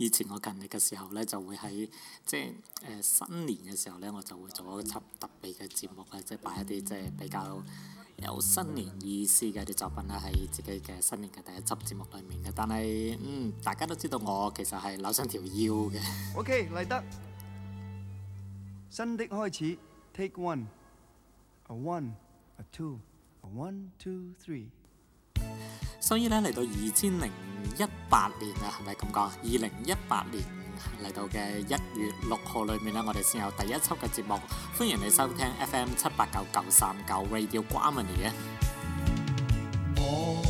以前我勤力嘅時候咧，就會喺即係誒新年嘅時候咧，我就會做一輯特別嘅節目啦，即係擺一啲即係比較有新年意思嘅啲作品啦，喺自己嘅新年嘅第一輯節目裡面嘅。但係嗯，大家都知道我其實係扭傷條腰嘅。OK 嚟得，新的開始，Take one，a one，a two，a one two three。所以咧，嚟到二千零一八年啊，係咪咁講？二零一八年嚟到嘅一月六號裏面咧，我哋先有第一輯嘅節目，歡迎你收聽 FM 七八九九三九 Radio Guarni m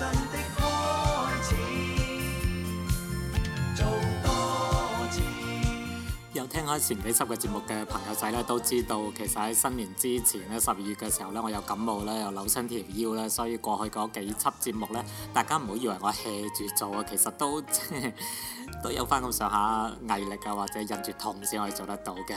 的有聽開前幾集嘅節目嘅朋友仔咧，都知道其實喺新年之前咧，十二月嘅時候咧，我有感冒咧，又扭親條腰咧，所以過去嗰幾集節目咧，大家唔好以為我 h 住做啊，其實都呵呵都有翻，咁上下毅力啊，或者忍住痛先可以做得到嘅。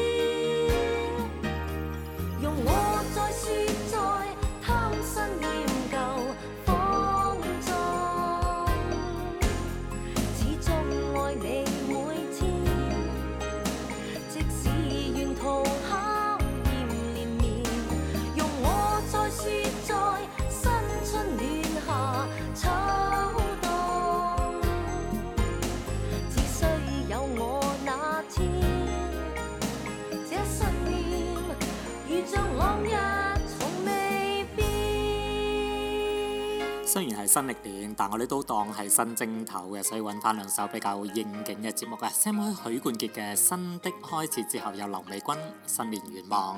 雖然係新曆年，但我哋都當係新正頭嘅，所以揾翻兩首比較應景嘅節目嘅。先開許冠傑嘅《新的開始》，之後，有劉美君《新年願望》。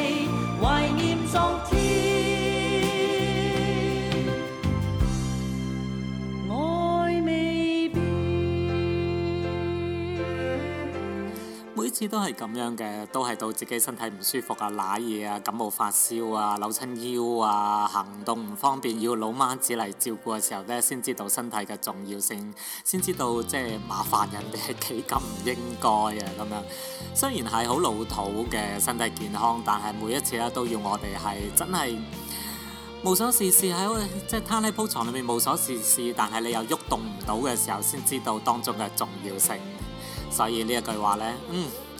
啲都係咁樣嘅，都係到自己身體唔舒服啊、攋嘢啊、感冒發燒啊、扭親腰啊、行動唔方便，要老媽子嚟照顧嘅時候呢，先知道身體嘅重要性，先知道即係麻煩人哋係幾咁唔應該啊咁樣。雖然係好老土嘅身體健康，但係每一次咧都要我哋係真係無所事事喺即係攤喺鋪床裏面無所事事，但係你又喐動唔到嘅時候，先知道當中嘅重要性。所以呢一句話呢，嗯。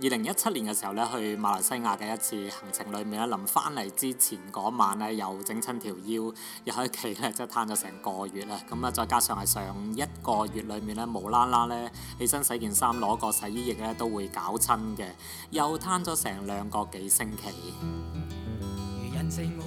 二零一七年嘅時候咧，去馬來西亞嘅一次行程裏面咧，臨翻嚟之前嗰晚咧，又整親條腰，又喺屋企咧，即係攤咗成個月啦。咁啊，再加上係上一個月裏面咧，無啦啦咧，起身洗件衫攞個洗衣液咧，都會搞親嘅，又攤咗成兩個幾星期。人情好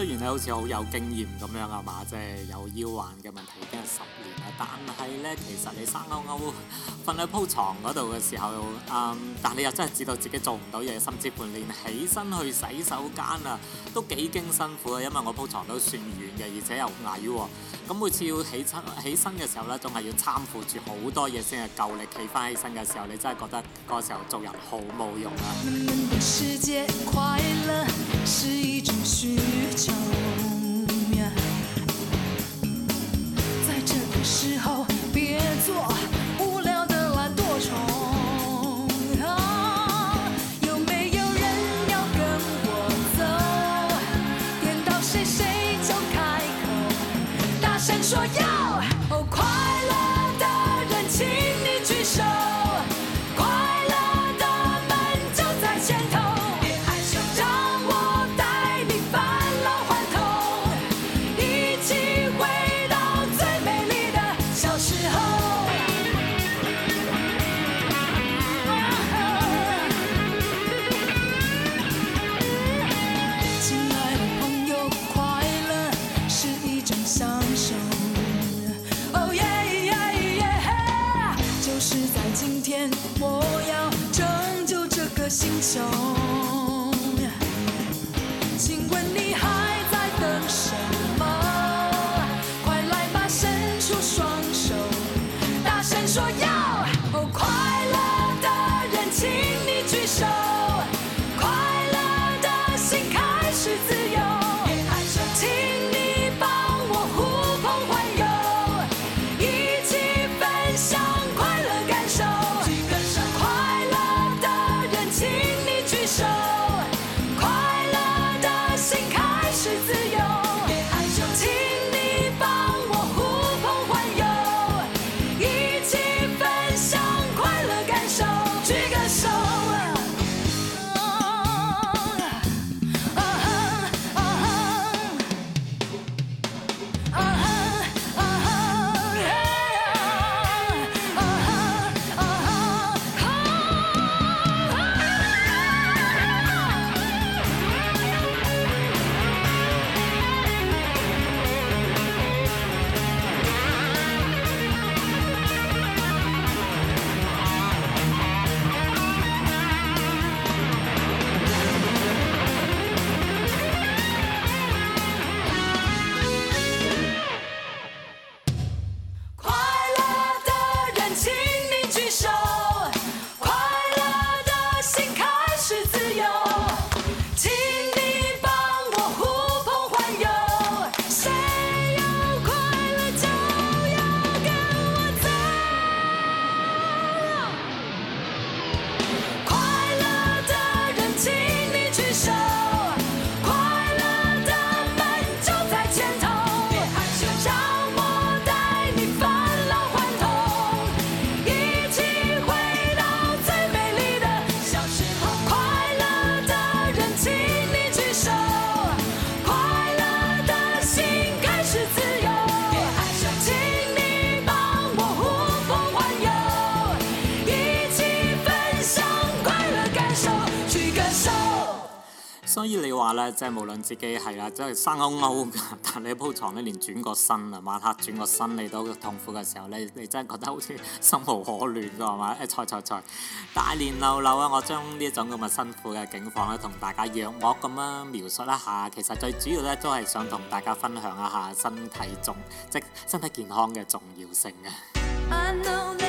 雖然你好似好有經驗咁樣啊嘛，即係有腰患嘅問題已經係十年啦，但係咧其實你生勾勾。瞓喺鋪床嗰度嘅時候，嗯，但你又真係知道自己做唔到嘢，甚至乎連起身去洗手間啊，都幾經辛苦啊！因為我鋪床都算遠嘅，而且又矮喎。咁每次要起身起身嘅時候咧，仲係要攙扶住好多嘢先係夠力企返起身嘅時候，你真係覺得嗰時候做人好冇用啊！明明的世界快話咧，即係無論自己係啊，真係生勾勾㗎。但你鋪床咧，連轉個身啊，晚黑轉個身你都痛苦嘅時候咧，你真係覺得好似生無可戀㗎，係嘛？哎，啋啋啋，大年流流啊！我將呢種咁嘅辛苦嘅境況咧，同大家約莫咁樣描述一下。其實最主要咧，都係想同大家分享一下身體重，即係身體健康嘅重要性啊！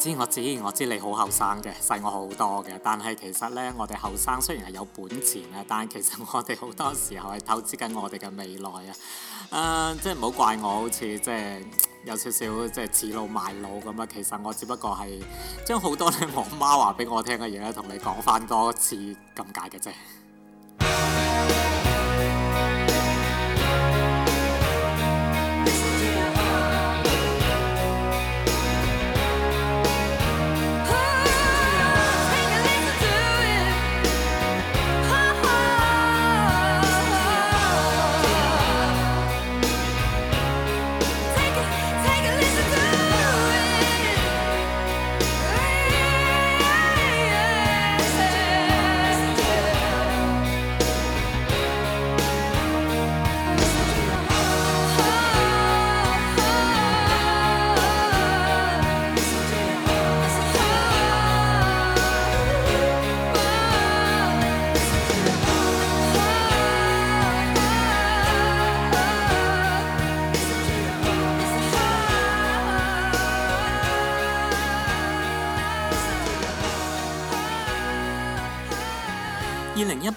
知我知，我知你好後生嘅，細我好多嘅。但係其實呢，我哋後生雖然係有本錢咧，但係其實我哋好多時候係投資緊我哋嘅未來啊。誒、呃，即係唔好怪我，好似即係有少少即係恃老賣老咁啊。其實我只不過係將好多咧我媽話俾我聽嘅嘢咧，同你講翻多次咁解嘅啫。這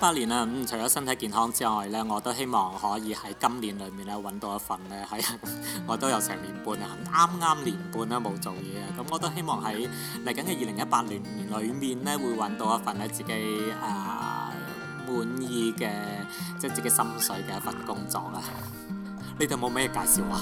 八年啦，咁除咗身體健康之外咧，我都希望可以喺今年裏面咧揾到一份咧喺，我都有成年半啦，啱啱年半啦，冇做嘢啊，咁我都希望喺嚟緊嘅二零一八年裏面咧會揾到一份咧自己誒滿意嘅，即係自己心水嘅一份工作啊！呢度冇咩介紹啊。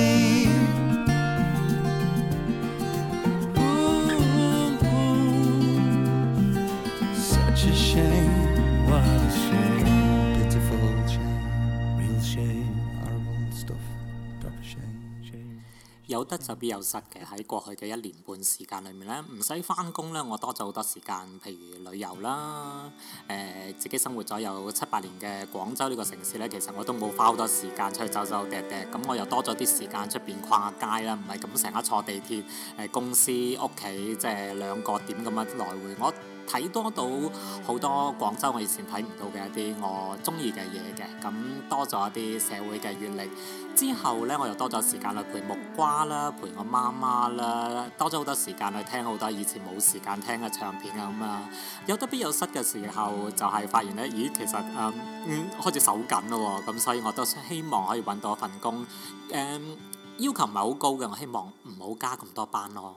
有得就必有失嘅，喺過去嘅一年半時間裏面咧，唔使返工咧，我多咗好多時間，譬如旅遊啦，誒、呃，自己生活咗有七八年嘅廣州呢個城市咧，其實我都冇花好多時間出去走走趯趯，咁我又多咗啲時間出邊逛下街啦，唔係咁成日坐地鐵，誒、呃，公司屋企即係兩個點咁樣來回我。睇多到好多廣州，我以前睇唔到嘅一啲我中意嘅嘢嘅，咁多咗一啲社會嘅閲歷之後呢，我又多咗時間去陪木瓜啦，陪我媽媽啦，多咗好多時間去聽好多以前冇時間聽嘅唱片啊咁啊，有得必有失嘅時候，就係、是、發現呢，咦，其實誒、嗯嗯、開始手緊咯喎，咁所以我都希望可以揾到一份工誒、嗯，要求唔係好高嘅，我希望唔好加咁多班咯。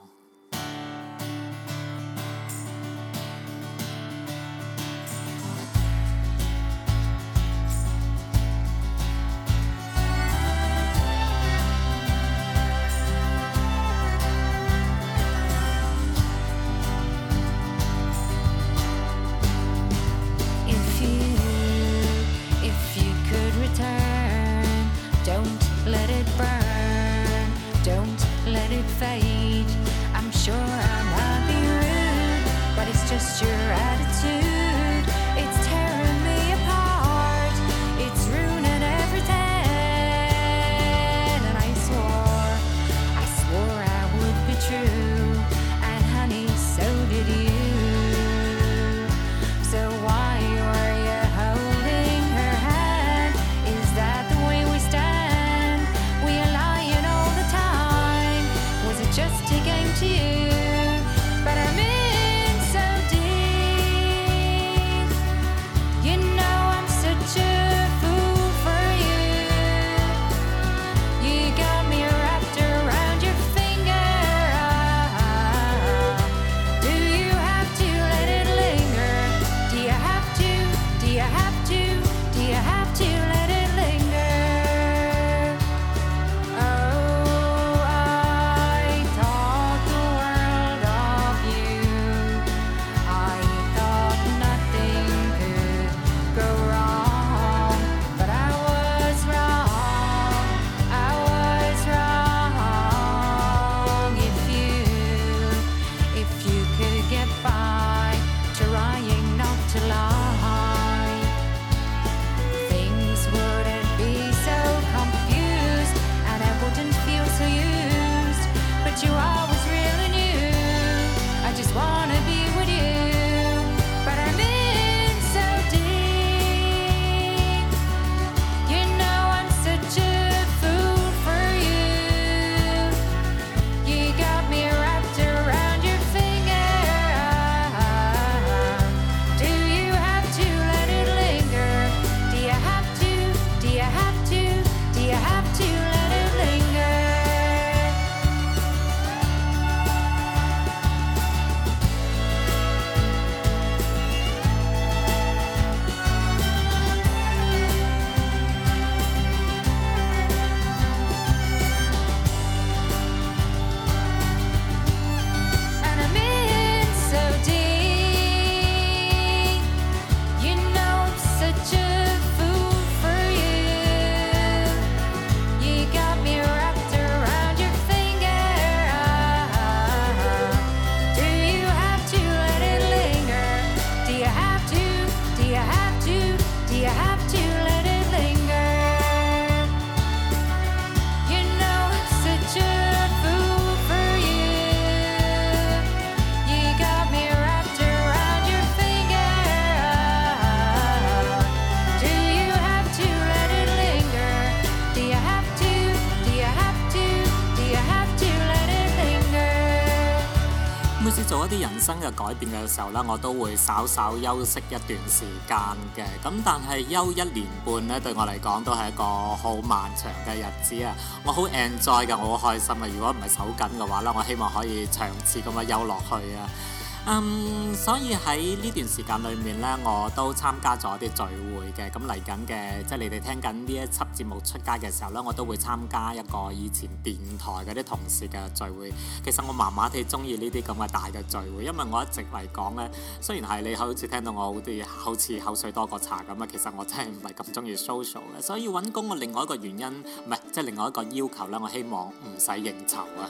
嘅時候咧，我都會稍稍休息一段時間嘅。咁但係休一年半咧，對我嚟講都係一個好漫長嘅日子啊！我好 enjoy 㗎，我好開心啊！如果唔係手緊嘅話咧，我希望可以長次咁樣休落去啊！嗯，所以喺呢段時間裏面呢，我都參加咗啲聚會嘅。咁嚟緊嘅，即係你哋聽緊呢一輯節目出街嘅時候呢，我都會參加一個以前電台嗰啲同事嘅聚會。其實我麻麻哋中意呢啲咁嘅大嘅聚會，因為我一直嚟講呢，雖然係你好似聽到我好似口水多過茶咁啊，其實我真係唔係咁中意 social 嘅。所以揾工嘅另外一個原因，唔係，即係另外一個要求呢，我希望唔使應酬啊！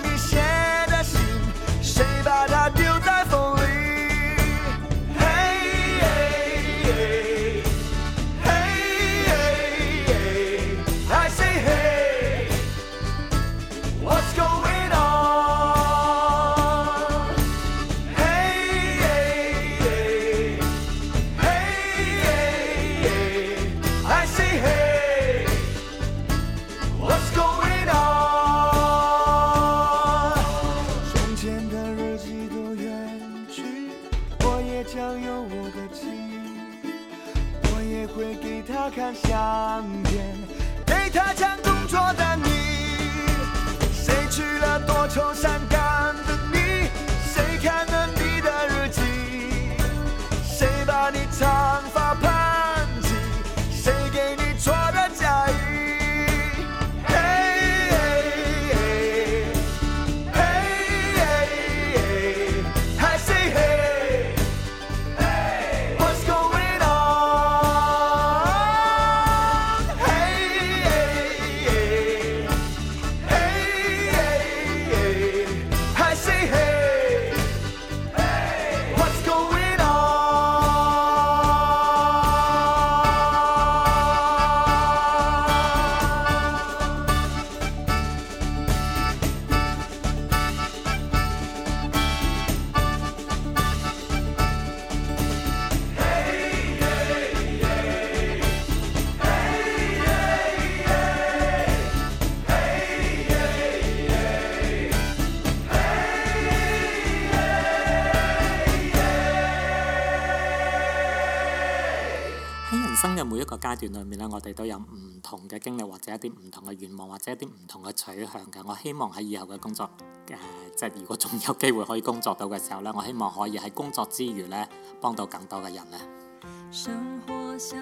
啲唔同嘅願望或者一啲唔同嘅取向嘅，我希望喺以後嘅工作誒、呃，即係如果仲有機會可以工作到嘅時候咧，我希望可以喺工作之餘咧，幫到更多嘅人咧。生活像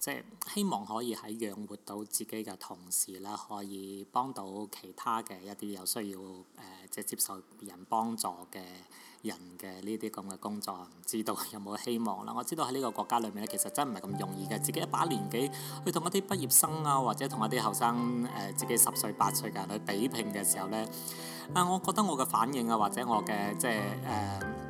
即係希望可以喺養活到自己嘅同時啦，可以幫到其他嘅一啲有需要誒、呃，即係接受人幫助嘅人嘅呢啲咁嘅工作，唔知道有冇希望啦？我知道喺呢個國家裏面咧，其實真唔係咁容易嘅。自己一把年紀去同一啲畢業生啊，或者同一啲後生誒，自己十歲八歲嘅人去比拼嘅時候咧，啊、呃，我覺得我嘅反應啊，或者我嘅即係誒。呃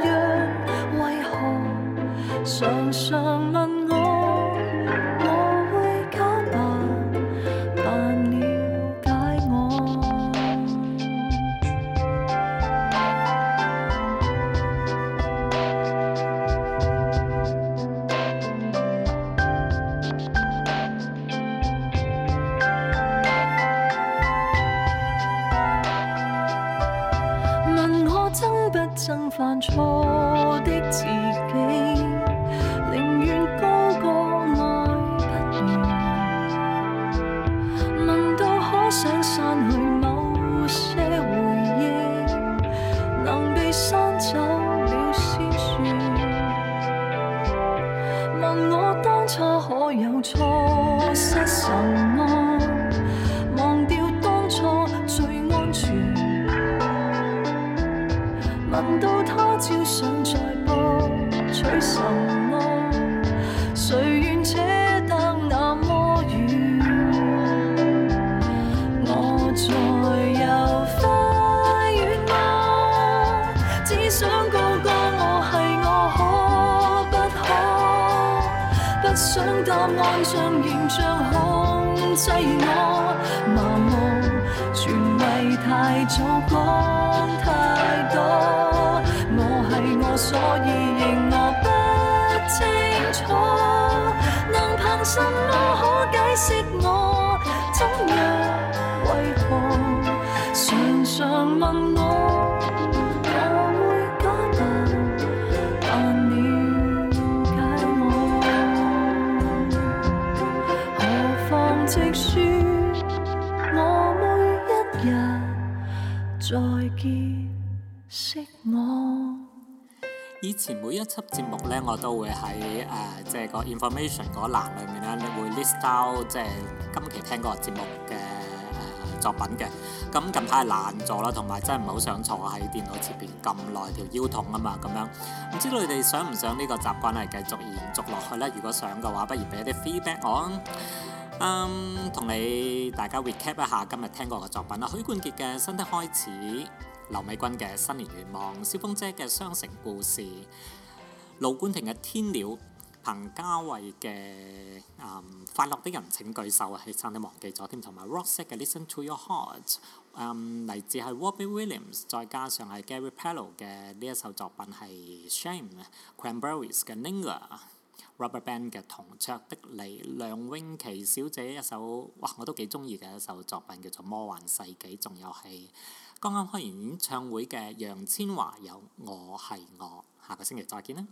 常常問我，我會假扮，扮瞭解我。何況直説，我每一日再見識我。以前每一輯節目咧，我都會喺誒，即係個 information 嗰欄裏面咧，你會 list out 即係今期聽過節目嘅。作品嘅咁近排係懶咗啦，同埋真係唔好想坐喺電腦前面咁耐，條腰痛啊嘛咁樣。唔知道你哋想唔想呢個習慣係繼續延續落去呢？如果想嘅話，不如俾一啲 feedback 我。嗯，同你大家 recap 一下今日聽過嘅作品啦。許冠傑嘅《新的開始》，劉美君嘅《新年願望》，蕭風姐嘅《雙城故事》，盧冠廷嘅《天鳥》。彭嘉慧嘅、嗯《快樂的人請舉手》啊，係差啲忘記咗添。同埋 Roxette 嘅《Listen to Your Heart》，嗯，嚟自係 Robbie Williams，再加上係 Gary Barlow 嘅呢一首作品係《Shame》。Cranberries 嘅《Linger》，Rubberband 嘅《同桌的你》，梁詠琪小姐一首哇，我都幾中意嘅一首作品叫做《魔幻世紀》，仲有係剛啱開完演唱會嘅楊千嬅有《我係我》，下個星期再見啦！